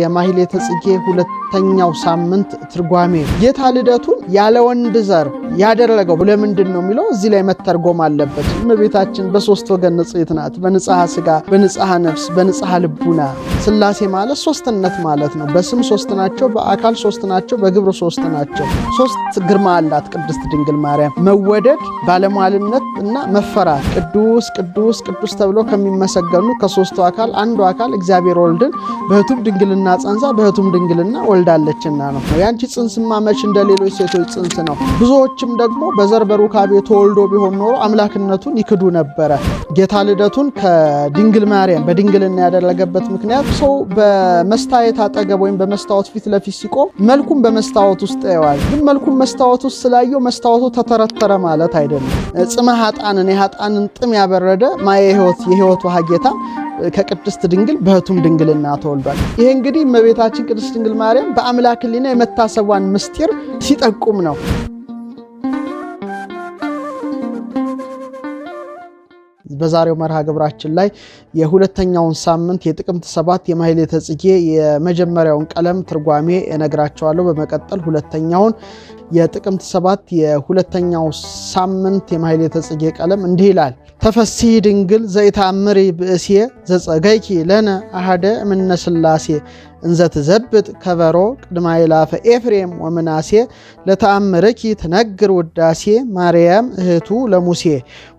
የማህሌተ ጽጌ ሁለት በአራተኛው ሳምንት ትርጓሜ ጌታ ልደቱን ያለ ወንድ ዘር ያደረገው ለምንድን ነው የሚለው እዚህ ላይ መተርጎም አለበት። እመቤታችን በሶስት ወገን ንጽሕት ናት። በንጽሐ ስጋ፣ በንጽሐ ነፍስ፣ በንጽሐ ልቡና። ስላሴ ማለት ሶስትነት ማለት ነው። በስም ሶስት ናቸው፣ በአካል ሶስት ናቸው፣ በግብር ሶስት ናቸው። ሶስት ግርማ አላት ቅድስት ድንግል ማርያም መወደድ፣ ባለሟልነት እና መፈራት። ቅዱስ ቅዱስ ቅዱስ ተብሎ ከሚመሰገኑ ከሶስቱ አካል አንዱ አካል እግዚአብሔር ወልድን በህቱም ድንግልና ጸንዛ በህቱም ድንግልና ወልዳለችና ነው። ያንቺ ጽንስማ መች እንደ ሌሎች ሴቶች ጽንስ ነው። ብዙዎችም ደግሞ በዘር በሩካቤ ተወልዶ ቢሆን ኖሮ አምላክነቱን ይክዱ ነበረ። ጌታ ልደቱን ከድንግል ማርያም በድንግልና ያደረገበት ምክንያት ሰው በመስታየት አጠገብ ወይም በመስታወት ፊት ለፊት ሲቆም መልኩም በመስታወት ውስጥ ያየዋል። ግን መልኩም መስታወት ውስጥ ስላየው መስታወቱ ተተረተረ ማለት አይደለም። ጽመ ሀጣንን የሀጣንን ጥም ያበረደ ማየ ህይወት የህይወት ውሃ ጌታ ከቅድስት ድንግል በሕቱም ድንግልና ተወልዷል። ይሄ እንግዲህ እመቤታችን ቅድስት ድንግል ማርያም በአምላክ ሕሊና የመታሰቧን ምስጢር ሲጠቁም ነው። በዛሬው መርሃ ግብራችን ላይ የሁለተኛውን ሳምንት የጥቅምት ሰባት የማህሌተ ጽጌ የመጀመሪያውን ቀለም ትርጓሜ እነግራቸዋለሁ። በመቀጠል ሁለተኛውን የጥቅምት ሰባት የሁለተኛው ሳምንት የማህሌተ ጽጌ ቀለም እንዲህ ይላል። ተፈሲ ድንግል ዘይታምሪ ብእሴ ዘጸገይኪ ለነ አሃደ እምነ ሥላሴ እንዘትዘብጥ ከበሮ ቅድማ ይላፈ ኤፍሬም ወምናሴ ለተአምርኪ ትነግር ውዳሴ ማርያም እህቱ ለሙሴ።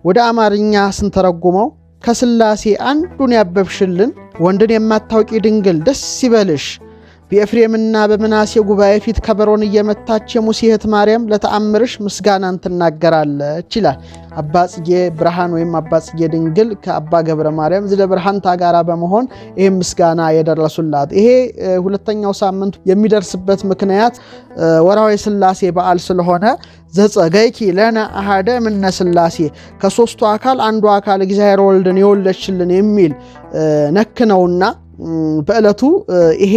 ወደ አማርኛ ስንተረጉመው ከስላሴ አንዱን ያበብሽልን ወንድን የማታውቂ ድንግል ደስ ይበልሽ በኤፍሬምና በምናሴ ጉባኤ ፊት ከበሮን እየመታች የሙሴ እህት ማርያም ለተአምርሽ ምስጋናን ትናገራለች ይላል አባ ጽጌ ብርሃን ወይም አባ ጽጌ ድንግል ከአባ ገብረ ማርያም ዝለ ብርሃን ታጋራ በመሆን ይህም ምስጋና የደረሱላት። ይሄ ሁለተኛው ሳምንት የሚደርስበት ምክንያት ወርሃዊ ስላሴ በዓል ስለሆነ ዘጸገይኪ ለነ አሃደ ምነ ከሶስቱ አካል አንዱ አካል እግዚአብሔር ወልድን የወለችልን የሚል ነክ ነውና በዕለቱ ይሄ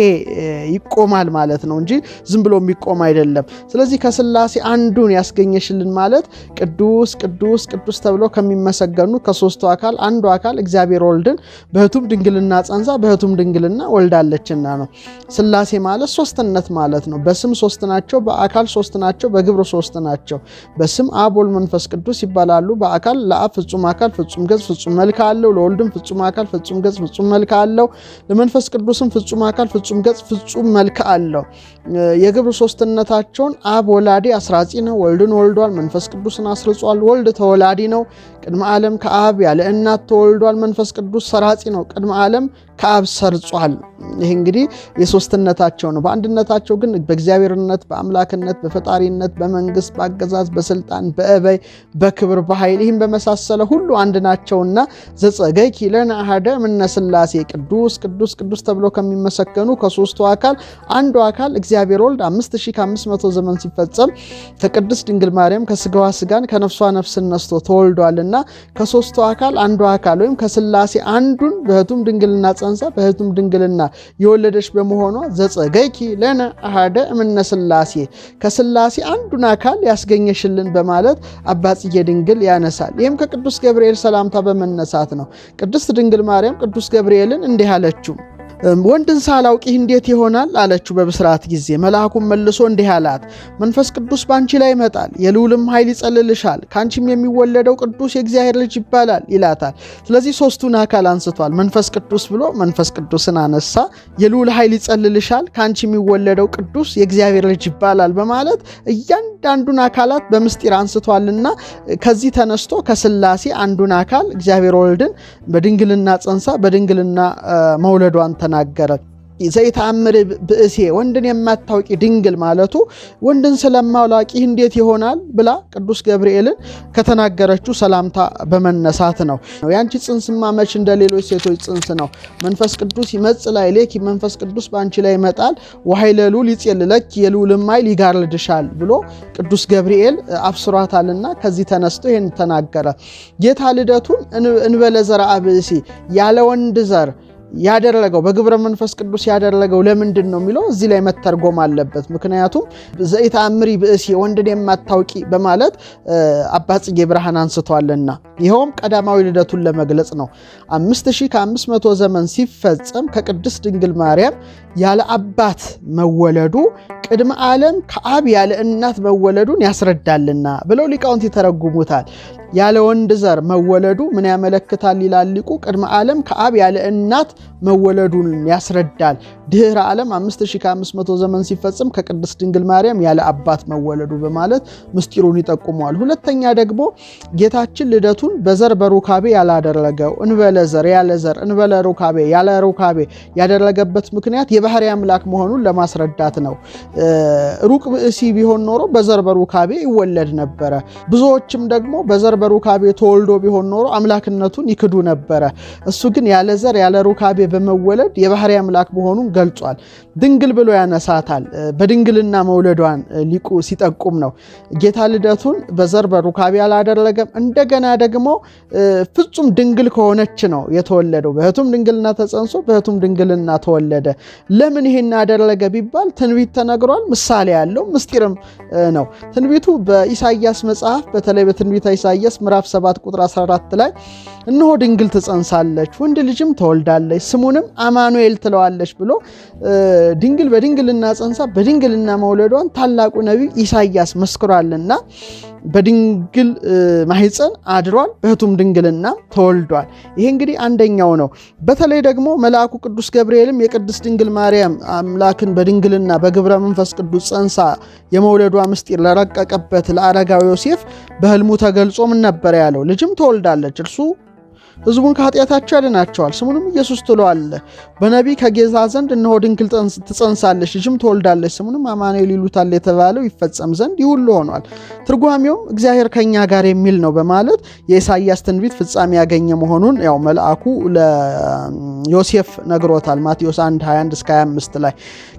ይቆማል ማለት ነው እንጂ ዝም ብሎ የሚቆም አይደለም። ስለዚህ ከስላሴ አንዱን ያስገኘሽልን ማለት ቅዱስ ቅዱስ ቅዱስ ተብለው ከሚመሰገኑ ከሶስቱ አካል አንዱ አካል እግዚአብሔር ወልድን በህቱም ድንግልና ጸንዛ በህቱም ድንግልና ወልዳለችና ነው። ስላሴ ማለት ሶስትነት ማለት ነው። በስም ሶስት ናቸው፣ በአካል ሶስት ናቸው፣ በግብር ሶስት ናቸው። በስም አብ ወልድ መንፈስ ቅዱስ ይባላሉ። በአካል ለአብ ፍጹም አካል ፍጹም ገጽ ፍጹም መልክ አለው። ለወልድም ፍጹም አካል ፍጹም ገጽ ፍጹም መልክ አለው። ለመንፈስ ቅዱስም ፍጹም አካል፣ ፍጹም ገጽ፣ ፍጹም መልክ አለው። የግብር ሶስትነታቸውን አብ ወላዴ አስራጺ ነው፣ ወልድን ወልዷል፣ መንፈስ ቅዱስን አስርጿል። ወልድ ተወላዲ ነው፣ ቅድመ ዓለም ከአብ ያለ እናት ተወልዷል። መንፈስ ቅዱስ ሰራጺ ነው፣ ቅድመ ዓለም ከአብ ሰርጿል። ይህ እንግዲህ የሶስትነታቸው ነው። በአንድነታቸው ግን በእግዚአብሔርነት፣ በአምላክነት፣ በፈጣሪነት፣ በመንግስት፣ በአገዛዝ፣ በስልጣን፣ በእበይ፣ በክብር፣ በኃይል ይህም በመሳሰለ ሁሉ አንድ ናቸውና ዘጸገኪ ለነ አሐደ እምነስላሴ ቅዱስ ቅዱስ ቅዱስ ተብሎ ከሚመሰገኑ ከሶስቱ አካል አንዱ አካል እግዚአብሔር ወልድ 5500 ዘመን ሲፈጸም ከቅድስት ድንግል ማርያም ከስጋዋ ስጋን ከነፍሷ ነፍስ ነስቶ ተወልዷልና ከሶስቱ አካል አንዱ አካል ወይም ከስላሴ አንዱን በህቱም ድንግልና ጸንሳ በሕቱም ድንግልና የወለደች በመሆኗ ዘጸገኪ ለነ አሃደ ስላሴ ከስላሴ አንዱን አካል ያስገኘሽልን በማለት አባ ድንግል ያነሳል። ይህም ከቅዱስ ገብርኤል ሰላምታ በመነሳት ነው። ቅድስት ድንግል ማርያም ቅዱስ ገብርኤልን እንዲህ አለችው። ወንድን ይህ እንዴት ይሆናል አለችው በብስራት ጊዜ። መልአኩም መልሶ እንዲህ አላት፣ መንፈስ ቅዱስ በአንቺ ላይ ይመጣል፣ የልዑልም ኃይል ይጸልልሻል፣ ከአንቺም የሚወለደው ቅዱስ የእግዚአብሔር ልጅ ይባላል ይላታል። ስለዚህ ሶስቱን አካል አንስቷል። መንፈስ ቅዱስ ብሎ መንፈስ ቅዱስን አነሳ። የልዑል ኃይል ይጸልልሻል፣ ከአንቺ የሚወለደው ቅዱስ የእግዚአብሔር ልጅ ይባላል በማለት እያንዳንዱን አካላት በምስጢር አንስቷልና ከዚህ ተነስቶ ከስላሴ አንዱን አካል እግዚአብሔር ወልድን በድንግልና ጸንሳ በድንግልና መውለዷን ተናገረ። ዘይተአምር ብእሴ ወንድን የማታውቂ ድንግል ማለቱ ወንድን ስለማውላቂ እንዴት ይሆናል ብላ ቅዱስ ገብርኤልን ከተናገረችው ሰላምታ በመነሳት ነው። ያንቺ ጽንስማ መች እንደ ሌሎች ሴቶች ጽንስ ነው። መንፈስ ቅዱስ ይመጽ ላይ ሌኪ መንፈስ ቅዱስ በአንቺ ላይ ይመጣል። ወኃይለ ልዑል ይጼልለኪ የልዑልም ኃይል ይጋርድሻል ብሎ ቅዱስ ገብርኤል አብስሯታልና ከዚህ ተነስቶ ይህን ተናገረ። ጌታ ልደቱን እንበለ ዘርአ ያለ ወንድ ዘር ያደረገው በግብረ መንፈስ ቅዱስ ያደረገው ለምንድን ነው የሚለው እዚህ ላይ መተርጎም አለበት። ምክንያቱም ዘኢተአምሪ ብእሲ ወንድን የማታውቂ በማለት አባ ጽጌ ብርሃን አንስቷልና ይኸውም ቀዳማዊ ልደቱን ለመግለጽ ነው። አምስት ሺህ ከአምስት መቶ ዘመን ሲፈጸም ከቅድስት ድንግል ማርያም ያለ አባት መወለዱ ቅድመ ዓለም ከአብ ያለ እናት መወለዱን ያስረዳልና ብለው ሊቃውንት ይተረጉሙታል። ያለ ወንድ ዘር መወለዱ ምን ያመለክታል ይላል ሊቁ። ቅድመ ዓለም ከአብ ያለ እናት መወለዱን ያስረዳል። ድህረ ዓለም 5500 ዘመን ሲፈጽም ከቅድስት ድንግል ማርያም ያለ አባት መወለዱ በማለት ምስጢሩን ይጠቁመዋል። ሁለተኛ ደግሞ ጌታችን ልደቱን በዘር በሩካቤ ያላደረገው እንበለ ዘር ያለ ዘር እንበለ ሩካቤ ያለ ሩካቤ ያደረገበት ምክንያት የባህሪ አምላክ መሆኑን ለማስረዳት ነው። ሩቅ ብእሲ ቢሆን ኖሮ በዘር በሩካቤ ይወለድ ነበረ። ብዙዎችም ደግሞ በዘር በሩካቤ ተወልዶ ቢሆን ኖሮ አምላክነቱን ይክዱ ነበረ። እሱ ግን ያለ ዘር ያለ ሩካቤ በመወለድ የባህሪ አምላክ መሆኑን ገልጿል። ድንግል ብሎ ያነሳታል። በድንግልና መውለዷን ሊቁ ሲጠቁም ነው። ጌታ ልደቱን በዘር በሩካቤ አላደረገም። እንደገና ደግሞ ፍጹም ድንግል ከሆነች ነው የተወለደው። በህቱም ድንግልና ተጸንሶ በህቱም ድንግልና ተወለደ። ለምን ይሄን አደረገ ቢባል ትንቢት ተነግሯል። ምሳሌ ያለው ምስጢርም ነው። ትንቢቱ በኢሳያስ መጽሐፍ በተለይ በትንቢተ ኢሳያስ ምዕራፍ 7 ቁጥር 14 ላይ እነሆ ድንግል ትጸንሳለች፣ ወንድ ልጅም ትወልዳለች፣ ስሙንም አማኑኤል ትለዋለች ብሎ ድንግል በድንግልና ጸንሳ በድንግልና መውለዷን ታላቁ ነቢይ ኢሳያስ መስክሯልና በድንግል ማህፀን አድሯል፣ በሕቱም ድንግልና ተወልዷል። ይሄ እንግዲህ አንደኛው ነው። በተለይ ደግሞ መልአኩ ቅዱስ ገብርኤልም የቅድስት ድንግል ማርያም አምላክን በድንግልና በግብረ መንፈስ ቅዱስ ጸንሳ የመውለዷ ምስጢር ለረቀቀበት ለአረጋዊ ዮሴፍ በሕልሙ ተገልጾም ነበር ያለው። ልጅም ትወልዳለች እርሱ ህዝቡን ከኃጢአታቸው ያድናቸዋል። ስሙንም ኢየሱስ ትለዋለህ። በነቢይ ከጌዛ ዘንድ እነሆ ድንግል ትጸንሳለች፣ ልጅም ትወልዳለች፣ ስሙንም አማኑኤል ይሉታል የተባለው ይፈጸም ዘንድ ይህ ሁሉ ሆኗል። ትርጓሜውም እግዚአብሔር ከእኛ ጋር የሚል ነው በማለት የኢሳያስ ትንቢት ፍጻሜ ያገኘ መሆኑን ያው መልአኩ ለዮሴፍ ነግሮታል። ማቴዎስ 1 21 እስከ 25 ላይ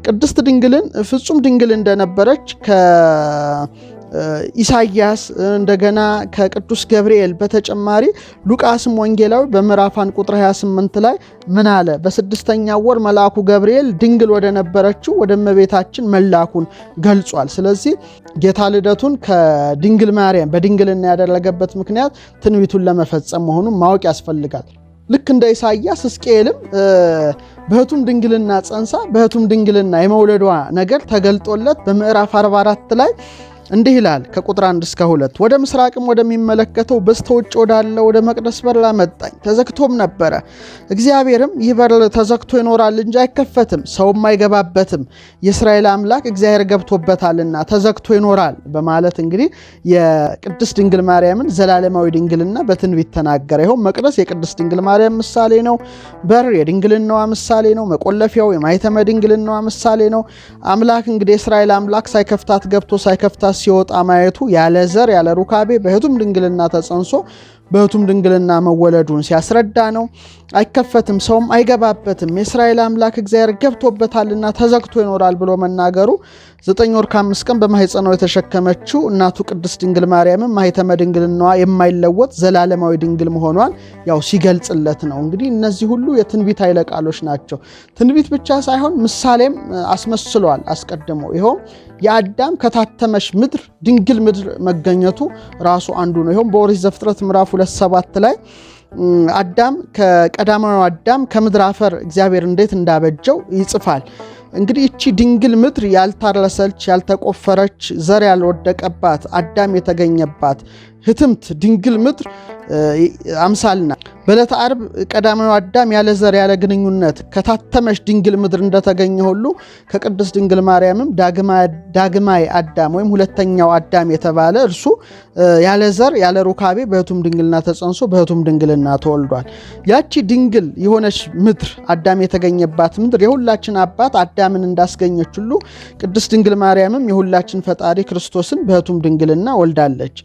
ቅድስት ድንግልን ፍጹም ድንግል እንደነበረች ኢሳያስ እንደገና ከቅዱስ ገብርኤል በተጨማሪ ሉቃስም ወንጌላዊ በምዕራፍ አንድ ቁጥር 28 ላይ ምን አለ? በስድስተኛው ወር መልአኩ ገብርኤል ድንግል ወደ ነበረችው ወደ እመቤታችን መላኩን ገልጿል። ስለዚህ ጌታ ልደቱን ከድንግል ማርያም በድንግልና ያደረገበት ምክንያት ትንቢቱን ለመፈጸም መሆኑን ማወቅ ያስፈልጋል። ልክ እንደ ኢሳያስ ሕዝቅኤልም በህቱም ድንግልና ጸንሳ በህቱም ድንግልና የመውለዷ ነገር ተገልጦለት በምዕራፍ 44 ላይ እንዲህ ይላል ከቁጥር 1 እስከ 2 ወደ ምስራቅም ወደሚመለከተው በስተውጭ ወዳለ ወደ መቅደስ በር አመጣኝ፣ ተዘግቶም ነበረ። እግዚአብሔርም ይህ በር ተዘግቶ ይኖራል እንጂ አይከፈትም፣ ሰውም አይገባበትም፣ የእስራኤል አምላክ እግዚአብሔር ገብቶበታልና ተዘግቶ ይኖራል በማለት እንግዲህ የቅድስት ድንግል ማርያምን ዘላለማዊ ድንግልና በትንቢት ተናገረ። ይኸው መቅደስ የቅድስት ድንግል ማርያም ምሳሌ ነው። በር የድንግልናዋ ምሳሌ ነው። መቆለፊያው የማይተመ ድንግልናዋ ምሳሌ ነው። አምላክ እንግዲህ የእስራኤል አምላክ ሳይከፍታት ገብቶ ሳይከፍታት ሲወጣ ማየቱ ያለ ዘር ያለ ሩካቤ በህቱም ድንግልና ተጸንሶ በህቱም ድንግልና መወለዱን ሲያስረዳ ነው። አይከፈትም፣ ሰውም አይገባበትም፣ የእስራኤል አምላክ እግዚአብሔር ገብቶበታልና ተዘግቶ ይኖራል ብሎ መናገሩ ዘጠኝ ወር ከአምስት ቀን በማህፀኗ የተሸከመችው እናቱ ቅድስት ድንግል ማርያምን ማህተመ ድንግልናዋ የማይለወጥ ዘላለማዊ ድንግል መሆኗን ያው ሲገልጽለት ነው። እንግዲህ እነዚህ ሁሉ የትንቢት ኃይለ ቃሎች ናቸው። ትንቢት ብቻ ሳይሆን ምሳሌም አስመስሏል አስቀድሞ ይኸውም የአዳም ከታተመች ምድር ድንግል ምድር መገኘቱ ራሱ አንዱ ነው። ይሁን በኦሪት ዘፍጥረት ምዕራፍ ሁለት ሰባት ላይ አዳም ከቀዳማዊ አዳም ከምድር አፈር እግዚአብሔር እንዴት እንዳበጀው ይጽፋል። እንግዲህ እቺ ድንግል ምድር ያልታረሰች፣ ያልተቆፈረች፣ ዘር ያልወደቀባት አዳም የተገኘባት ህትምት ድንግል ምድር አምሳልና በዕለተ ዓርብ ቀዳማዊ አዳም ያለ ዘር ያለ ግንኙነት ከታተመች ድንግል ምድር እንደተገኘ ሁሉ ከቅድስት ድንግል ማርያምም ዳግማይ አዳም ወይም ሁለተኛው አዳም የተባለ እርሱ ያለ ዘር ያለ ሩካቤ በህቱም ድንግልና ተጸንሶ በህቱም ድንግልና ተወልዷል። ያቺ ድንግል የሆነች ምድር አዳም የተገኘባት ምድር የሁላችን አባት አዳምን እንዳስገኘች ሁሉ ቅድስት ድንግል ማርያምም የሁላችን ፈጣሪ ክርስቶስን በህቱም ድንግልና ወልዳለች።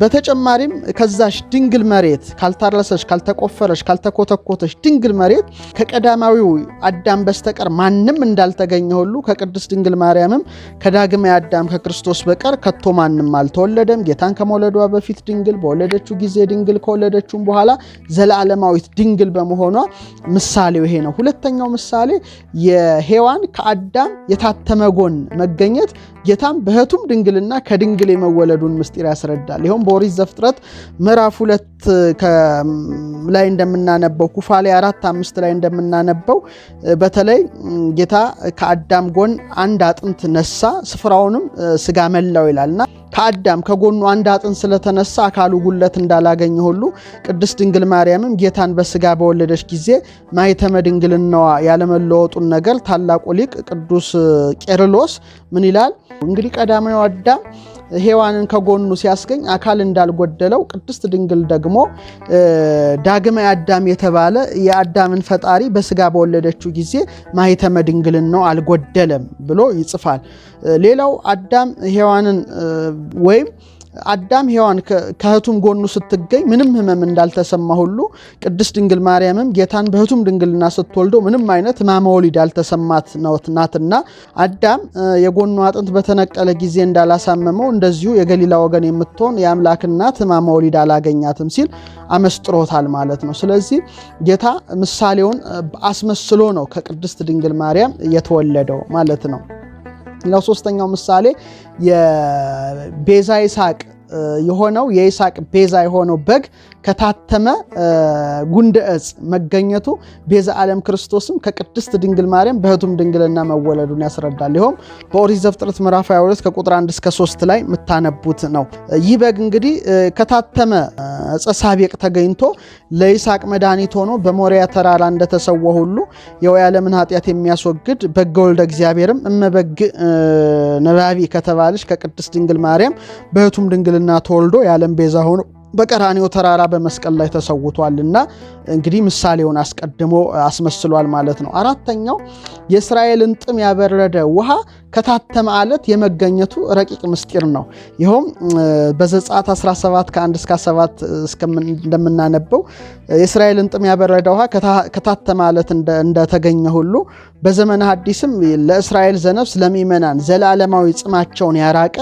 በተጨማሪም ከዛሽ ድንግል መሬት ካልታረሰች፣ ካልተቆፈረች፣ ካልተኮተኮተች ድንግል መሬት ከቀዳማዊው አዳም በስተቀር ማንም እንዳልተገኘ ሁሉ ከቅድስት ድንግል ማርያምም ከዳግማዊ አዳም ከክርስቶስ በቀር ከቶ ማንም አልተወለደም። ጌታን ከመውለዷ በፊት ድንግል፣ በወለደችው ጊዜ ድንግል፣ ከወለደችውም በኋላ ዘለዓለማዊት ድንግል በመሆኗ ምሳሌው ይሄ ነው። ሁለተኛው ምሳሌ የሔዋን ከአዳም የታተመ ጎን መገኘት ጌታም በህቱም ድንግልና ከድንግል የመወለዱን ምስጢር ያስረዳል። ይኸውም በኦሪት ዘፍጥረት ምዕራፍ ሁለት ላይ እንደምናነበው ኩፋሌ አራት አምስት ላይ እንደምናነበው በተለይ ጌታ ከአዳም ጎን አንድ አጥንት ነሳ፣ ስፍራውንም ስጋ መላው ይላልና ከአዳም ከጎኑ አንድ አጥንት ስለተነሳ አካሉ ጉለት እንዳላገኘ ሁሉ ቅድስት ድንግል ማርያምም ጌታን በስጋ በወለደች ጊዜ ማይተመ ድንግልናዋ ያለመለወጡን ነገር ታላቁ ሊቅ ቅዱስ ቄርሎስ ምን ይላል? እንግዲህ ቀዳማዊ አዳም ሔዋንን ከጎኑ ሲያስገኝ አካል እንዳልጎደለው፣ ቅድስት ድንግል ደግሞ ዳግማዊ አዳም የተባለ የአዳምን ፈጣሪ በስጋ በወለደችው ጊዜ ማይተመ ድንግልን ነው አልጎደለም ብሎ ይጽፋል። ሌላው አዳም ሔዋንን ወይም አዳም ሔዋን ከእህቱም ጎኑ ስትገኝ ምንም ህመም እንዳልተሰማ ሁሉ ቅድስት ድንግል ማርያምም ጌታን በእህቱም ድንግልና ስትወልደው ምንም አይነት ህማመ ወሊድ ያልተሰማት ናትና አዳም የጎኑ አጥንት በተነቀለ ጊዜ እንዳላሳመመው እንደዚሁ የገሊላ ወገን የምትሆን የአምላክ እናት ህማመ ወሊድ አላገኛትም ሲል አመስጥሮታል ማለት ነው። ስለዚህ ጌታ ምሳሌውን አስመስሎ ነው ከቅድስት ድንግል ማርያም የተወለደው ማለት ነው። ነው። ሶስተኛው ምሳሌ የቤዛ ይስሐቅ የሆነው የይስሐቅ ቤዛ የሆነው በግ ከታተመ ጉንደ ዕፅ መገኘቱ ቤዛ ዓለም ክርስቶስም ከቅድስት ድንግል ማርያም በህቱም ድንግልና መወለዱን ያስረዳል። ይኸውም በኦሪት ዘፍጥረት ምዕራፍ 22 ከቁጥር 1 እስከ 3 ላይ የምታነቡት ነው። ይህ በግ እንግዲህ ከታተመ ዕፀ ሳቤቅ ተገኝቶ ለይስሐቅ መድኃኒት ሆኖ በሞሪያ ተራራ እንደተሰወ ሁሉ የው የዓለምን ኃጢአት የሚያስወግድ በገ ወልደ እግዚአብሔርም እመበግ ነባቢ ከተባለች ከቅድስት ድንግል ማርያም በህቱም ድንግልና ተወልዶ የዓለም ቤዛ ሆኖ በቀራኔው ተራራ በመስቀል ላይ ተሰውቷልና እንግዲህ ምሳሌውን አስቀድሞ አስመስሏል ማለት ነው። አራተኛው የእስራኤልን ጥም ያበረደ ውሃ ከታተመ አለት የመገኘቱ ረቂቅ ምስጢር ነው። ይኸውም በዘጸአት 17 ከ1 እስከ 7 እንደምናነበው የእስራኤልን ጥም ያበረደ ውሃ ከታተመ አለት እንደተገኘ ሁሉ በዘመነ ሐዲስም ለእስራኤል ዘነፍስ ለምእመናን ዘላለማዊ ጽማቸውን ያራቀ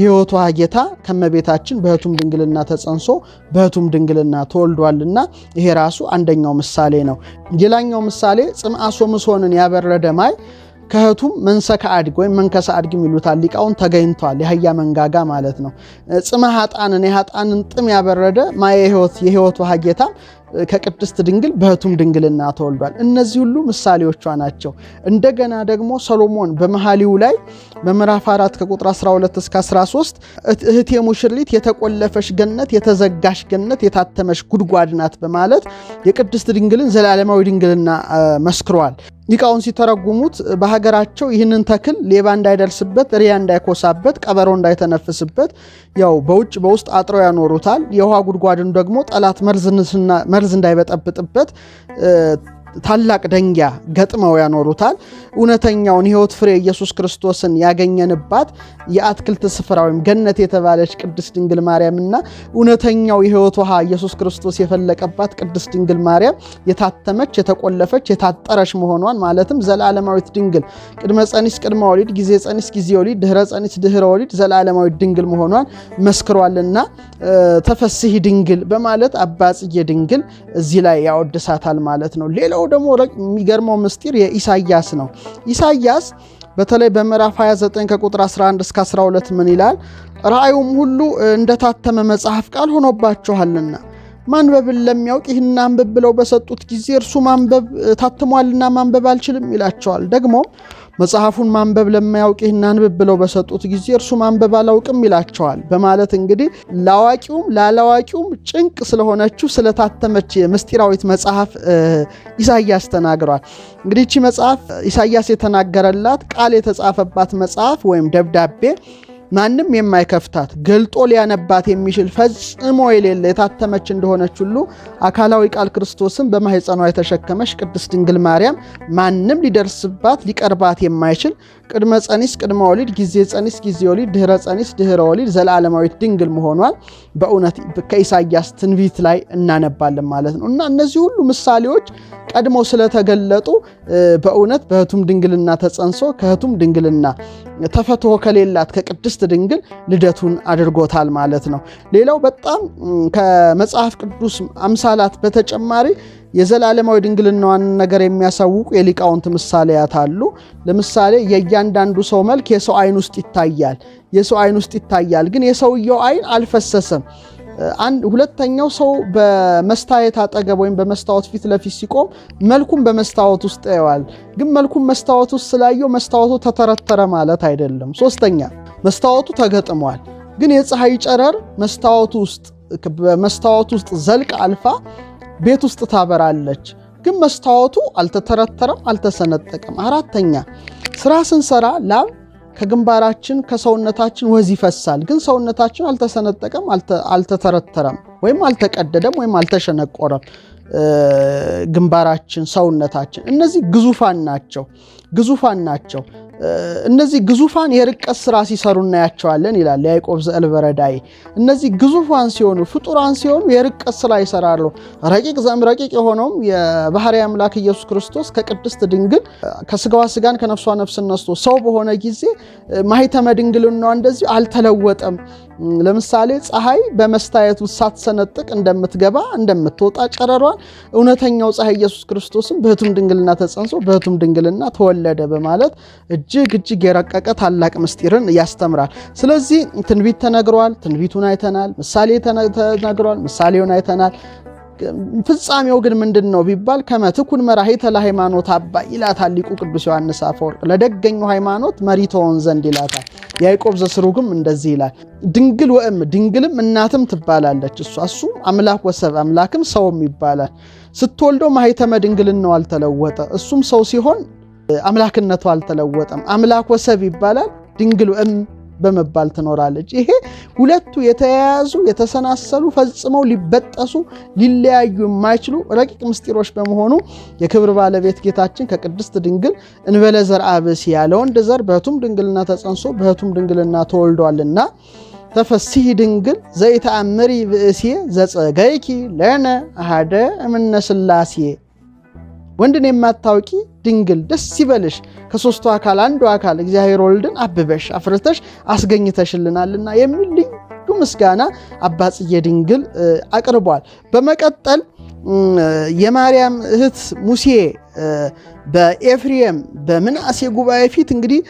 የሕይወት ጌታ ከመቤታችን በህቱም ድንግልና ተጸንሶ በህቱም ድንግልና ተወልዷልና ይሄ ራሱ አንደኛው ምሳሌ ነው። ሌላኛው ምሳሌ ጽምአ ሶምሶንን ያበረደ ማይ ከህቱም መንሰከ አድግ ወይም መንከሰ አድግ የሚሉታል ሊቃውን ተገኝቷል። የአህያ መንጋጋ ማለት ነው። ጽመ ሀጣንን የሀጣንን ጥም ያበረደ ማየ የህይወቱ ሀጌታም ከቅድስት ድንግል በህቱም ድንግልና ተወልዷል። እነዚህ ሁሉ ምሳሌዎቿ ናቸው። እንደገና ደግሞ ሰሎሞን በመሐሊው ላይ በምዕራፍ 4 ከቁጥር 12 እስከ 13 እህቴ ሙሽሪት የተቆለፈሽ ገነት፣ የተዘጋሽ ገነት፣ የታተመሽ ጉድጓድ ናት በማለት የቅድስት ድንግልን ዘላለማዊ ድንግልና መስክሯል። ሊቃውን ሲተረጉሙት በሀገራቸው ይህንን ተክል ሌባ እንዳይደርስበት፣ ሪያ እንዳይኮሳበት፣ ቀበሮ እንዳይተነፍስበት ያው በውጭ በውስጥ አጥረው ያኖሩታል። የውሃ ጉድጓድን ደግሞ ጠላት መርዝ እንዳይበጠብጥበት ታላቅ ደንጊያ ገጥመው ያኖሩታል። እውነተኛውን ህይወት ፍሬ ኢየሱስ ክርስቶስን ያገኘንባት የአትክልት ስፍራ ወይም ገነት የተባለች ቅድስት ድንግል ማርያም እና እውነተኛው የህይወት ውሃ ኢየሱስ ክርስቶስ የፈለቀባት ቅድስት ድንግል ማርያም የታተመች፣ የተቆለፈች፣ የታጠረች መሆኗን ማለትም ዘላለማዊት ድንግል ቅድመ ጸኒስ፣ ቅድመ ወሊድ፣ ጊዜ ጸኒስ፣ ጊዜ ወሊድ፣ ድህረ ጸኒስ፣ ድህረ ወሊድ ዘላለማዊት ድንግል መሆኗን መስክሯልና ተፈስሂ ድንግል በማለት አባጽየ ድንግል እዚህ ላይ ያወድሳታል ማለት ነው። ሌላው ደግሞ የሚገርመው ምስጢር የኢሳያስ ነው። ኢሳይያስ በተለይ በምዕራፍ 29 ከቁጥር 11 እስከ 12 ምን ይላል? ራእዩም ሁሉ እንደታተመ መጽሐፍ ቃል ሆኖባችኋልና ማንበብን ለሚያውቅ ይህን አንብብ ብለው በሰጡት ጊዜ እርሱ ማንበብ ታትሟልና ማንበብ አልችልም ይላቸዋል። ደግሞ መጽሐፉን ማንበብ ለማያውቅ ይህን አንብብ ብለው በሰጡት ጊዜ እርሱ ማንበብ አላውቅም ይላቸዋል በማለት እንግዲህ ላዋቂውም ላላዋቂውም ጭንቅ ስለሆነችው ስለታተመች የምስጢራዊት መጽሐፍ ኢሳያስ ተናግሯል። እንግዲህ ይቺ መጽሐፍ ኢሳያስ የተናገረላት ቃል የተጻፈባት መጽሐፍ ወይም ደብዳቤ ማንም የማይከፍታት ገልጦ ሊያነባት የሚችል ፈጽሞ የሌለ የታተመች እንደሆነች ሁሉ አካላዊ ቃል ክርስቶስን በማኅፀኗ የተሸከመች ቅድስት ድንግል ማርያም ማንም ሊደርስባት ሊቀርባት የማይችል ቅድመ ጸኒስ ቅድመ ወሊድ ጊዜ ጸኒስ ጊዜ ወሊድ ድህረ ጸኒስ ድህረ ወሊድ ዘላለማዊት ድንግል መሆኗል። በእውነት ከኢሳያስ ትንቢት ላይ እናነባለን ማለት ነው። እና እነዚህ ሁሉ ምሳሌዎች ቀድሞ ስለተገለጡ በእውነት በህቱም ድንግልና ተጸንሶ ከህቱም ድንግልና ተፈትሆ ከሌላት ከቅድስት ድንግል ልደቱን አድርጎታል ማለት ነው። ሌላው በጣም ከመጽሐፍ ቅዱስ አምሳላት በተጨማሪ የዘላለማዊ ድንግልናዋን ነገር የሚያሳውቁ የሊቃውንት ምሳሌያት አሉ። ለምሳሌ የእያንዳንዱ ሰው መልክ የሰው አይን ውስጥ ይታያል። የሰው አይን ውስጥ ይታያል፣ ግን የሰውየው አይን አልፈሰሰም። አንድ ሁለተኛው ሰው በመስታየት አጠገብ ወይም በመስታወት ፊት ለፊት ሲቆም መልኩን በመስታወት ውስጥ ያየዋል፣ ግን መልኩም መስታወት ውስጥ ስላየው መስታወቱ ተተረተረ ማለት አይደለም። ሶስተኛ መስታወቱ ተገጥሟል፣ ግን የፀሐይ ጨረር መስታወቱ ውስጥ በመስታወት ውስጥ ዘልቅ አልፋ ቤት ውስጥ ታበራለች፣ ግን መስታወቱ አልተተረተረም፣ አልተሰነጠቀም። አራተኛ ስራ ስንሰራ ላብ ከግንባራችን ከሰውነታችን ወዝ ይፈሳል፣ ግን ሰውነታችን አልተሰነጠቀም፣ አልተተረተረም፣ ወይም አልተቀደደም፣ ወይም አልተሸነቆረም። ግንባራችን፣ ሰውነታችን እነዚህ ግዙፋን ናቸው። ግዙፋን ናቸው። እነዚህ ግዙፋን የርቀት ስራ ሲሰሩ እናያቸዋለን ይላል ያዕቆብ በረዳይ እነዚህ ግዙፋን ሲሆኑ ፍጡራን ሲሆኑ የርቀት ስራ ይሰራሉ። ረቂቅ ዘም ረቂቅ የሆነውም የባህሪ አምላክ ኢየሱስ ክርስቶስ ከቅድስት ድንግል ከስጋዋ ስጋን ከነፍሷ ነፍስ ነስቶ ሰው በሆነ ጊዜ ማኅተመ ድንግልናዋ እንደዚሁ አልተለወጠም። ለምሳሌ ፀሐይ በመስታየቱ ሳትሰነጥቅ እንደምትገባ እንደምትወጣ ጨረሯን እውነተኛው ፀሐይ ኢየሱስ ክርስቶስም በህቱም ድንግልና ተጸንሶ በህቱም ድንግልና ተወለደ በማለት እጅግ እጅግ የረቀቀ ታላቅ ምስጢርን ያስተምራል። ስለዚህ ትንቢት ተነግሯል፣ ትንቢቱን አይተናል። ምሳሌ ተነግሯል፣ ምሳሌውን አይተናል። ፍጻሜው ግን ምንድን ነው ቢባል ከመትኩን መራሂተ ለሃይማኖት አባ ይላታል ሊቁ ቅዱስ ዮሐንስ አፈወርቅ። ለደገኙ ሃይማኖት መሪ ትሆን ዘንድ ይላታል። ያዕቆብ ዘስሩግም እንደዚህ ይላል፣ ድንግል ወእም ድንግልም እናትም ትባላለች። እሷ እሱም አምላክ ወሰብ አምላክም ሰውም ይባላል። ስትወልደው ማህተመ ድንግልናው አልተለወጠ፣ እሱም ሰው ሲሆን አምላክነቱ አልተለወጠም። አምላክ ወሰብ ይባላል ድንግል ወእም በመባል ትኖራለች። ይሄ ሁለቱ የተያያዙ የተሰናሰሉ ፈጽመው ሊበጠሱ ሊለያዩ የማይችሉ ረቂቅ ምስጢሮች በመሆኑ የክብር ባለቤት ጌታችን ከቅድስት ድንግል እንበለ ዘርአ ብእሲ ዘር በሕቱም ድንግልና ተጸንሶ በሕቱም ድንግልና ተወልዷልና ተፈሲህ ድንግል ዘይተአምሪ ብእሴ ዘጸገይኪ ለነ አሃደ እምነ ወንድን የማታውቂ ድንግል ደስ ይበልሽ፣ ከሶስቱ አካል አንዱ አካል እግዚአብሔር ወልድን አብበሽ አፍርተሽ አስገኝተሽልናልና የሚል ልዩ ምስጋና አባጽዬ ድንግል አቅርቧል። በመቀጠል የማርያም እህት ሙሴ በኤፍሬም በምናሴ ጉባኤ ፊት እንግዲህ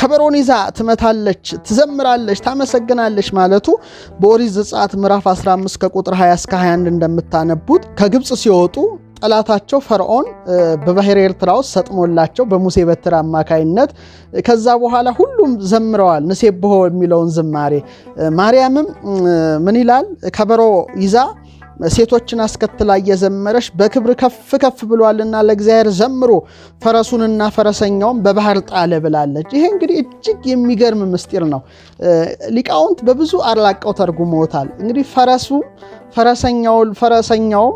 ከበሮን ይዛ ትመታለች፣ ትዘምራለች፣ ታመሰግናለች ማለቱ በኦሪት ዘጸአት ምዕራፍ 15 ከቁጥር 20 እስከ 21 እንደምታነቡት ከግብፅ ሲወጡ ጠላታቸው ፈርዖን በባህር ኤርትራ ውስጥ ሰጥሞላቸው በሙሴ በትር አማካይነት ከዛ በኋላ ሁሉም ዘምረዋል ንሴብሖ የሚለውን ዝማሬ። ማርያምም ምን ይላል ከበሮ ይዛ ሴቶችን አስከትላ እየዘመረች በክብር ከፍ ከፍ ብሏልና ለእግዚአብሔር ዘምሮ ፈረሱንና ፈረሰኛውን በባህር ጣለ ብላለች። ይሄ እንግዲህ እጅግ የሚገርም ምስጢር ነው። ሊቃውንት በብዙ አላቀው ተርጉመውታል። እንግዲህ ፈረሱ ፈረሰኛውን ፈረሰኛውም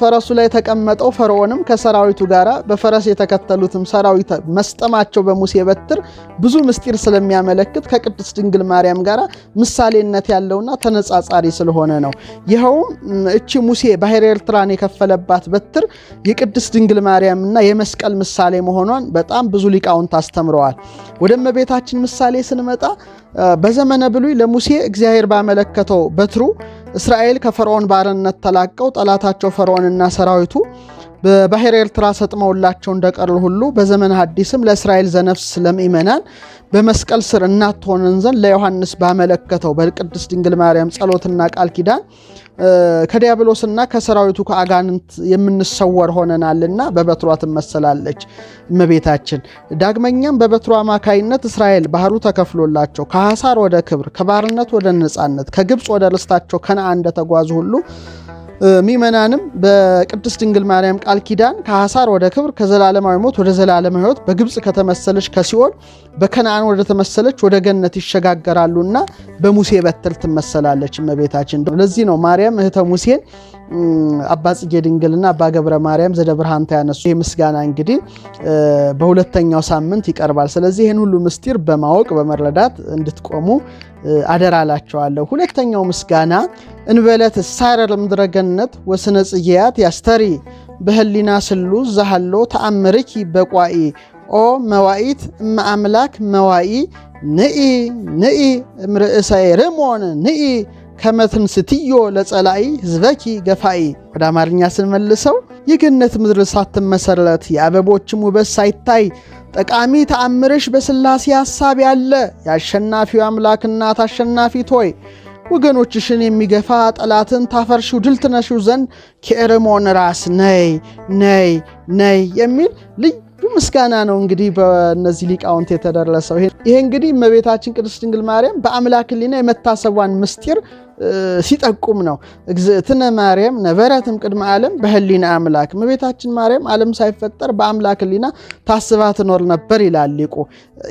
ፈረሱ ላይ የተቀመጠው ፈርዖንም ከሰራዊቱ ጋር በፈረስ የተከተሉትም ሰራዊት መስጠማቸው በሙሴ በትር ብዙ ምስጢር ስለሚያመለክት ከቅድስት ድንግል ማርያም ጋር ምሳሌነት ያለውና ተነጻጻሪ ስለሆነ ነው። ይኸውም እቺ ሙሴ ባህር ኤርትራን የከፈለባት በትር የቅድስት ድንግል ማርያምና የመስቀል ምሳሌ መሆኗን በጣም ብዙ ሊቃውንት አስተምረዋል። ወደ እመቤታችን ምሳሌ ስንመጣ በዘመነ ብሉይ ለሙሴ እግዚአብሔር ባመለከተው በትሩ እስራኤል ከፈርዖን ባርነት ተላቀው ጠላታቸው ፈርዖንና ሰራዊቱ በባህር ኤርትራ ሰጥመውላቸው እንደቀሩ ሁሉ በዘመነ ሀዲስም ለእስራኤል ዘነፍስ ለምእመናን በመስቀል ስር እናት ትሆነን ዘንድ ለዮሐንስ ባመለከተው በቅድስት ድንግል ማርያም ጸሎትና ቃል ኪዳን ከዲያብሎስና ከሰራዊቱ ከአጋንንት የምንሰወር ሆነናልና በበትሯ ትመሰላለች እመቤታችን። ዳግመኛም በበትሯ አማካይነት እስራኤል ባህሩ ተከፍሎላቸው ከሐሳር ወደ ክብር ከባርነት ወደ ነፃነት ከግብፅ ወደ ርስታቸው ከነአ እንደተጓዙ ሁሉ ሚመናንም በቅድስት ድንግል ማርያም ቃል ኪዳን ከሐሳር ወደ ክብር ከዘላለማዊ ሞት ወደ ዘላለም ሕይወት በግብፅ ከተመሰለች ከሲኦል በከነአን ወደ ተመሰለች ወደ ገነት ይሸጋገራሉ ይሸጋገራሉና በሙሴ በትር ትመሰላለች እመቤታችን። ለዚህ ነው ማርያም እህተ ሙሴን አባ ጽጌ ድንግልና አባ ገብረ ማርያም ዘደ ብርሃንታ ያነሱ። ይህ ምስጋና እንግዲህ በሁለተኛው ሳምንት ይቀርባል። ስለዚህ ይህን ሁሉ ምስጢር በማወቅ በመረዳት እንድትቆሙ አደራላቸዋለሁ። ሁለተኛው ምስጋና እንበለት ሳረር ምድረገነት ወስነ ጽጌያት ያስተሪ በህሊና ስሉ ዛሃሎ ተአምርኪ በቋኢ ኦ መዋኢት እመአምላክ መዋኢ ንኢ ንኢ እምርእሰይ ርሞን ንኢ ከመትን ስትዮ ለጸላኢ ህዝበኪ ገፋኢ። ወደ አማርኛ ስንመልሰው የገነት ምድር ሳትመሰረት የአበቦችም ውበት ሳይታይ ጠቃሚ ተአምርሽ በሥላሴ ሐሳብ ያለ የአሸናፊው አምላክ እናት አሸናፊት ሆይ ወገኖችሽን የሚገፋ ጠላትን ታፈርሺው ድል ትነሺው ዘንድ ከኤርሞን ራስ ነይ ነይ ነይ የሚል ልዩ ምስጋና ነው እንግዲህ በእነዚህ ሊቃውንት የተደረሰው። ይሄ እንግዲህ እመቤታችን ቅድስት ድንግል ማርያም በአምላክ ሕሊና የመታሰቧን ምስጢር ሲጠቁም ነው። እግዝእትነ ማርያም ነበረትም ቅድመ ዓለም በህሊና አምላክ እመቤታችን ማርያም ዓለም ሳይፈጠር በአምላክ ህሊና ታስባ ትኖር ነበር ይላል ሊቁ።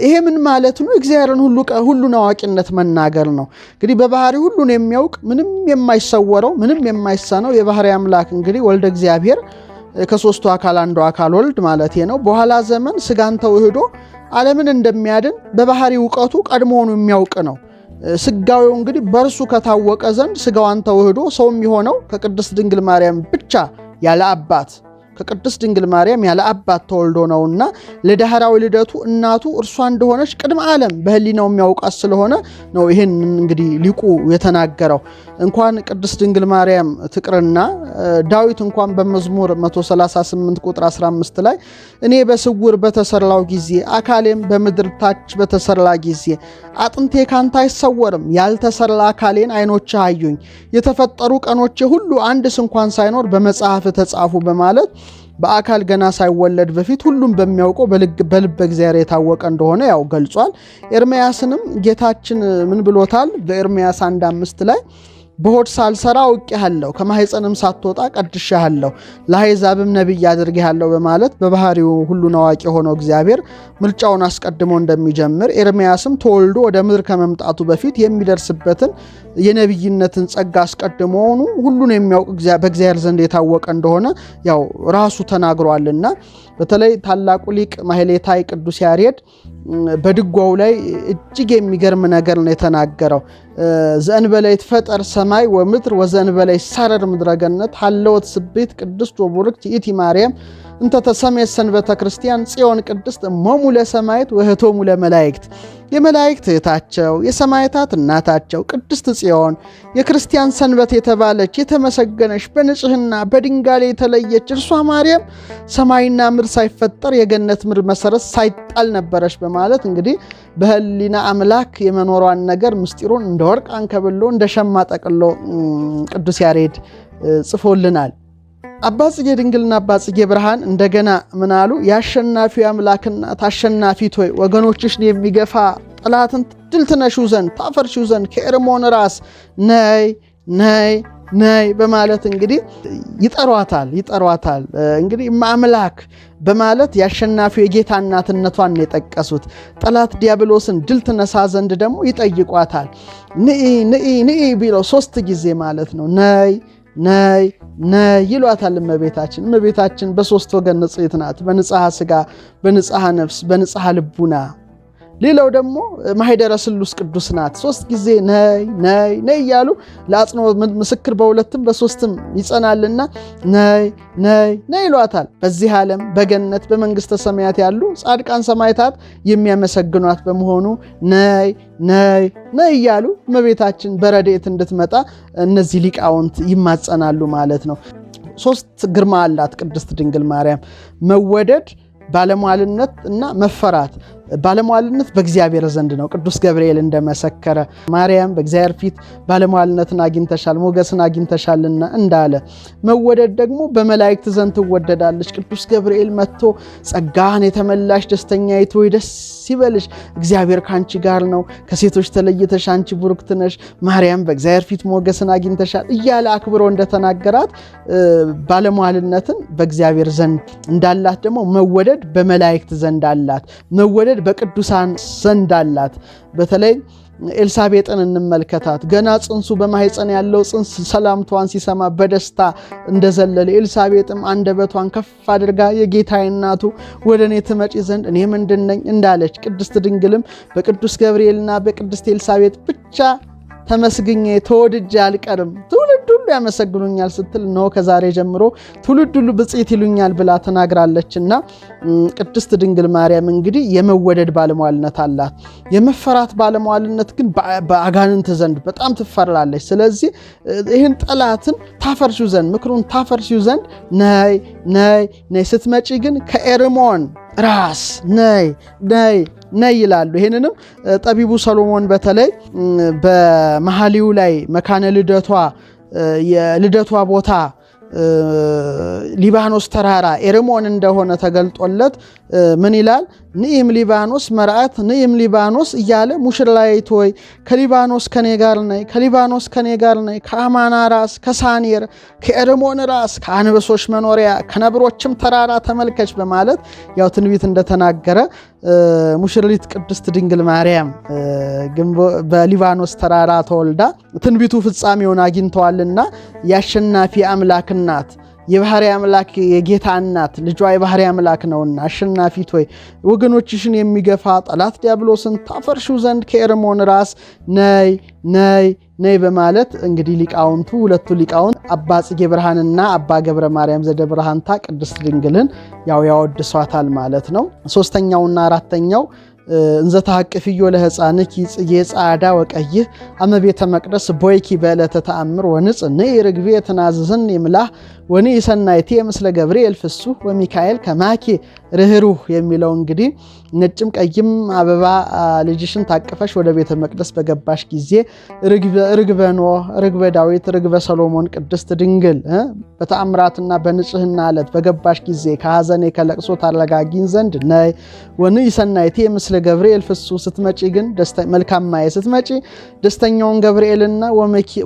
ይሄ ምን ማለት ነው? እግዚአብሔርን ሁሉን አዋቂነት መናገር ነው። እንግዲህ በባህሪ ሁሉን የሚያውቅ ምንም የማይሰወረው ምንም የማይሳነው የባህሪ አምላክ እንግዲህ ወልደ እግዚአብሔር ከሶስቱ አካል አንዱ አካል ወልድ ማለት ነው። በኋላ ዘመን ስጋን ተውህዶ ዓለምን እንደሚያድን በባህሪ እውቀቱ ቀድሞውኑ የሚያውቅ ነው። ስጋዊው እንግዲህ በእርሱ ከታወቀ ዘንድ ስጋዋን ተውህዶ ሰውም የሆነው ከቅድስት ድንግል ማርያም ብቻ ያለ አባት ከቅድስት ድንግል ማርያም ያለ አባት ተወልዶ ነውና ለዳህራዊ ልደቱ እናቱ እርሷ እንደሆነች ቅድመ ዓለም በህሊናው የሚያውቃት ስለሆነ ነው። ይህን እንግዲህ ሊቁ የተናገረው እንኳን ቅድስት ድንግል ማርያም ትቅርና ዳዊት እንኳን በመዝሙር 138 ቁጥር 15 ላይ እኔ በስውር በተሰላው ጊዜ አካሌም በምድር ታች በተሰላ ጊዜ አጥንቴ ካንተ አይሰወርም፣ ያልተሰላ አካሌን አይኖች አዩኝ፣ የተፈጠሩ ቀኖቼ ሁሉ አንድስ እንኳን ሳይኖር በመጽሐፍ ተጻፉ በማለት በአካል ገና ሳይወለድ በፊት ሁሉም በሚያውቀው በልበ እግዚአብሔር የታወቀ እንደሆነ ያው ገልጿል። ኤርምያስንም ጌታችን ምን ብሎታል? በኤርምያስ አንድ አምስት ላይ በሆድ ሳልሰራ አውቄሃለሁ፣ ከማህፀንም ሳትወጣ ቀድሼሃለሁ፣ ለአሕዛብም ነቢይ አድርጌሃለሁ በማለት በባህሪው ሁሉን አዋቂ የሆነው እግዚአብሔር ምልጫውን አስቀድሞ እንደሚጀምር ኤርምያስም ተወልዶ ወደ ምድር ከመምጣቱ በፊት የሚደርስበትን የነቢይነትን ጸጋ አስቀድሞውኑ ሁሉን የሚያውቅ በእግዚአብሔር ዘንድ የታወቀ እንደሆነ ያው ራሱ ተናግሯልና በተለይ ታላቁ ሊቅ ማህሌታይ ቅዱስ ያሬድ በድጓው ላይ እጅግ የሚገርም ነገር ነው የተናገረው። ዘእንበለ ይትፈጠር ሰማይ ወምድር ወዘእንበለ ይሳረር ምድረ ገነት ሀለወት ስብሕት ቅድስት ወቡርክት ይእቲ ማርያም እንተ ተሰሜት ሰንበተ ክርስቲያን ጽዮን ቅድስት እሞሙ ለሰማዕት ወእኅቶሙ ለመላእክት የመላእክት እህታቸው የሰማይታት እናታቸው ቅድስት ጽዮን የክርስቲያን ሰንበት የተባለች የተመሰገነች በንጽህና በድንጋሌ የተለየች እርሷ ማርያም ሰማይና ምድር ሳይፈጠር የገነት ምድር መሰረት ሳይጣል ነበረች በማለት እንግዲህ በህሊና አምላክ የመኖሯን ነገር ምስጢሩን እንደ ወርቅ አንከብሎ እንደ ሸማ ጠቅሎ ቅዱስ ያሬድ ጽፎልናል። አባ ጽጌ ድንግልና አባ ጽጌ ብርሃን እንደገና ምን አሉ? የአሸናፊው አምላክ እናት አሸናፊት ሆይ ወገኖችሽን የሚገፋ ጠላትን ድል ትነሺው ዘንድ ታፈርሺው ዘንድ ከኤርሞን ራስ ነይ ነይ ነይ በማለት እንግዲህ ይጠሯታል ይጠሯታል። እንግዲህ ማምላክ በማለት የአሸናፊው የጌታ እናትነቷን ነው የጠቀሱት። ጠላት ዲያብሎስን ድል ትነሳ ዘንድ ደግሞ ይጠይቋታል። ንኢ ንኢ ንኢ ቢለው ሶስት ጊዜ ማለት ነው ነይ ነይ ነይ ይሏታል እመቤታችን። እመቤታችን በሶስት ወገን ንጽሕት ናት፤ በንጽሐ ስጋ በንጽሐ ነፍስ፣ በንጽሐ ልቡና ሌላው ደግሞ ማኅደረ ስሉስ ቅዱስ ናት። ሶስት ጊዜ ነይ ነይ ነይ እያሉ ለአጽኖ ምስክር በሁለትም በሶስትም ይጸናልና ነይ ነይ ነይ ይሏታል። በዚህ ዓለም በገነት በመንግስተ ሰማያት ያሉ ጻድቃን ሰማይታት የሚያመሰግኗት በመሆኑ ነይ ነይ ነይ እያሉ እመቤታችን በረድኤት እንድትመጣ እነዚህ ሊቃውንት ይማጸናሉ ማለት ነው። ሶስት ግርማ አላት ቅድስት ድንግል ማርያም መወደድ፣ ባለሟልነት እና መፈራት ባለሟልነት በእግዚአብሔር ዘንድ ነው። ቅዱስ ገብርኤል እንደመሰከረ ማርያም በእግዚአብሔር ፊት ባለሟልነትን አግኝተሻል፣ ሞገስን አግኝተሻልና እንዳለ መወደድ ደግሞ በመላእክት ዘንድ ትወደዳለች። ቅዱስ ገብርኤል መጥቶ ጸጋን የተመላሽ ደስተኛ ሆይ ደስ ይበልሽ፣ እግዚአብሔር ከአንቺ ጋር ነው፣ ከሴቶች ተለይተሽ አንቺ ቡርክት ነሽ፣ ማርያም በእግዚአብሔር ፊት ሞገስን አግኝተሻል እያለ አክብሮ እንደተናገራት ባለሟልነትን በእግዚአብሔር ዘንድ እንዳላት ደግሞ መወደድ በመላእክት ዘንድ አላት መወደድ በቅዱሳን ዘንድ አላት። በተለይ ኤልሳቤጥን እንመልከታት። ገና ጽንሱ በማህፀን ያለው ጽንስ ሰላምቷን ሲሰማ በደስታ እንደዘለለ፣ ኤልሳቤጥም አንደበቷን ከፍ አድርጋ የጌታዬ እናቱ ወደ እኔ ትመጪ ዘንድ እኔ ምንድን ነኝ እንዳለች፣ ቅድስት ድንግልም በቅዱስ ገብርኤልና በቅድስት ኤልሳቤጥ ብቻ ተመስግኜ ተወድጄ አልቀርም፣ ትውልድ ሁሉ ያመሰግኑኛል ስትል ነው ከዛሬ ጀምሮ ትውልድ ሁሉ ብጽዕት ይሉኛል ብላ እና ቅድስት ድንግል ማርያም እንግዲህ የመወደድ ባለሟልነት አላት። የመፈራት ባለሟልነት ግን በአጋንንት ዘንድ በጣም ትፈራለች። ስለዚህ ይህን ጠላትን ታፈርሹ ዘንድ ምክሩን ታፈርሺው ዘንድ ነይ ነይ ነይ ስትመጪ ግን ከኤርሞን ራስ ነይ ነይ ነይ ይላሉ። ይህንንም ጠቢቡ ሰሎሞን በተለይ በመሀሊው ላይ መካነ ልደቷ የልደቷ ቦታ ሊባኖስ ተራራ ኤርሞን እንደሆነ ተገልጦለት ምን ይላል? ንኢም ሊባኖስ መርአት ንኢም ሊባኖስ እያለ ሙሽራይት ሆይ ከሊባኖስ ከኔ ጋር ነይ፣ ከሊባኖስ ከኔ ጋር ነይ፣ ከአማና ራስ፣ ከሳኔር፣ ከኤርሞን ራስ፣ ከአንበሶች መኖሪያ፣ ከነብሮችም ተራራ ተመልከች በማለት ያው ትንቢት እንደተናገረ ሙሽሪት ቅድስት ድንግል ማርያም በሊባኖስ ተራራ ተወልዳ ትንቢቱ ፍጻሜውን አግኝተዋልና የአሸናፊ አምላክ እናት የባህሪ አምላክ የጌታ እናት ልጇ የባህሪ አምላክ ነውና አሸናፊት ሆይ ወገኖችሽን የሚገፋ ጠላት ዲያብሎስን ታፈርሺው ዘንድ ከኤርሞን ራስ ነይ ነይ ነይ በማለት እንግዲህ ሊቃውንቱ ሁለቱ ሊቃውንት አባ ጽጌ ብርሃንና አባ ገብረ ማርያም ዘደ ብርሃንታ ቅድስት ድንግልን ያው ያወድሷታል ማለት ነው። ሶስተኛውና አራተኛው እንዘ ተሐቅፍዮ ለሕፃንኪ ጽጌ ጻዕዳ ወቀይህ አመ ቤተ መቅደስ ቦይኪ በዕለተ ተአምር ወንጽ ንኢ ርግቤ ትናዝዝን የምላህ ወንኢ ሰናይቴ ምስለ ገብርኤል ፍሱ ወሚካኤል ከማኬ ርኅሩህ የሚለው እንግዲህ ነጭም ቀይም አበባ ልጅሽን ታቅፈሽ ወደ ቤተ መቅደስ በገባሽ ጊዜ ርግበ ኖህ፣ ርግበ ዳዊት፣ ርግበ ሰሎሞን ቅድስት ድንግል በተአምራትና በንጽህና ዕለት በገባሽ ጊዜ ከሐዘኔ ከለቅሶ ታረጋጊኝ ዘንድ ነይ። ወን ይሰናይቲ ምስለ ገብርኤል ፍሱ ስትመጪ ግን መልካማዬ ስትመጪ ደስተኛውን ገብርኤልና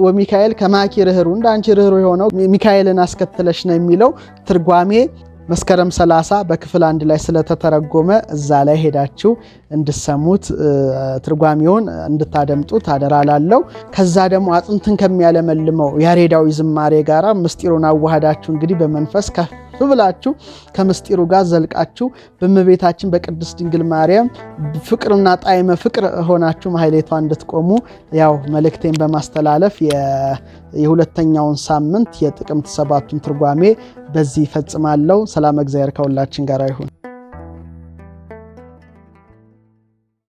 ወሚካኤል ከማኪ ርኅሩ እንደ አንቺ ርኅሩ የሆነው ሚካኤልን አስከትለሽ ነው የሚለው ትርጓሜ መስከረም 30 በክፍል አንድ ላይ ስለተተረጎመ እዛ ላይ ሄዳችሁ እንድሰሙት ትርጓሜውን እንድታደምጡት አደራላለው። ከዛ ደግሞ አጥንትን ከሚያለመልመው ያሬዳዊ ዝማሬ ጋር ምስጢሩን አዋህዳችሁ እንግዲህ በመንፈስ ከፍ ብላችሁ ከምስጢሩ ጋር ዘልቃችሁ በእመቤታችን በቅድስት ድንግል ማርያም ፍቅርና ጣዕመ ፍቅር ሆናችሁ ማሕሌቷ እንድትቆሙ ያው መልእክቴን በማስተላለፍ የሁለተኛውን ሳምንት የጥቅምት ሰባቱን ትርጓሜ በዚህ ይፈጽማለሁ። ሰላም፣ እግዚአብሔር ከሁላችን ጋር ይሁን።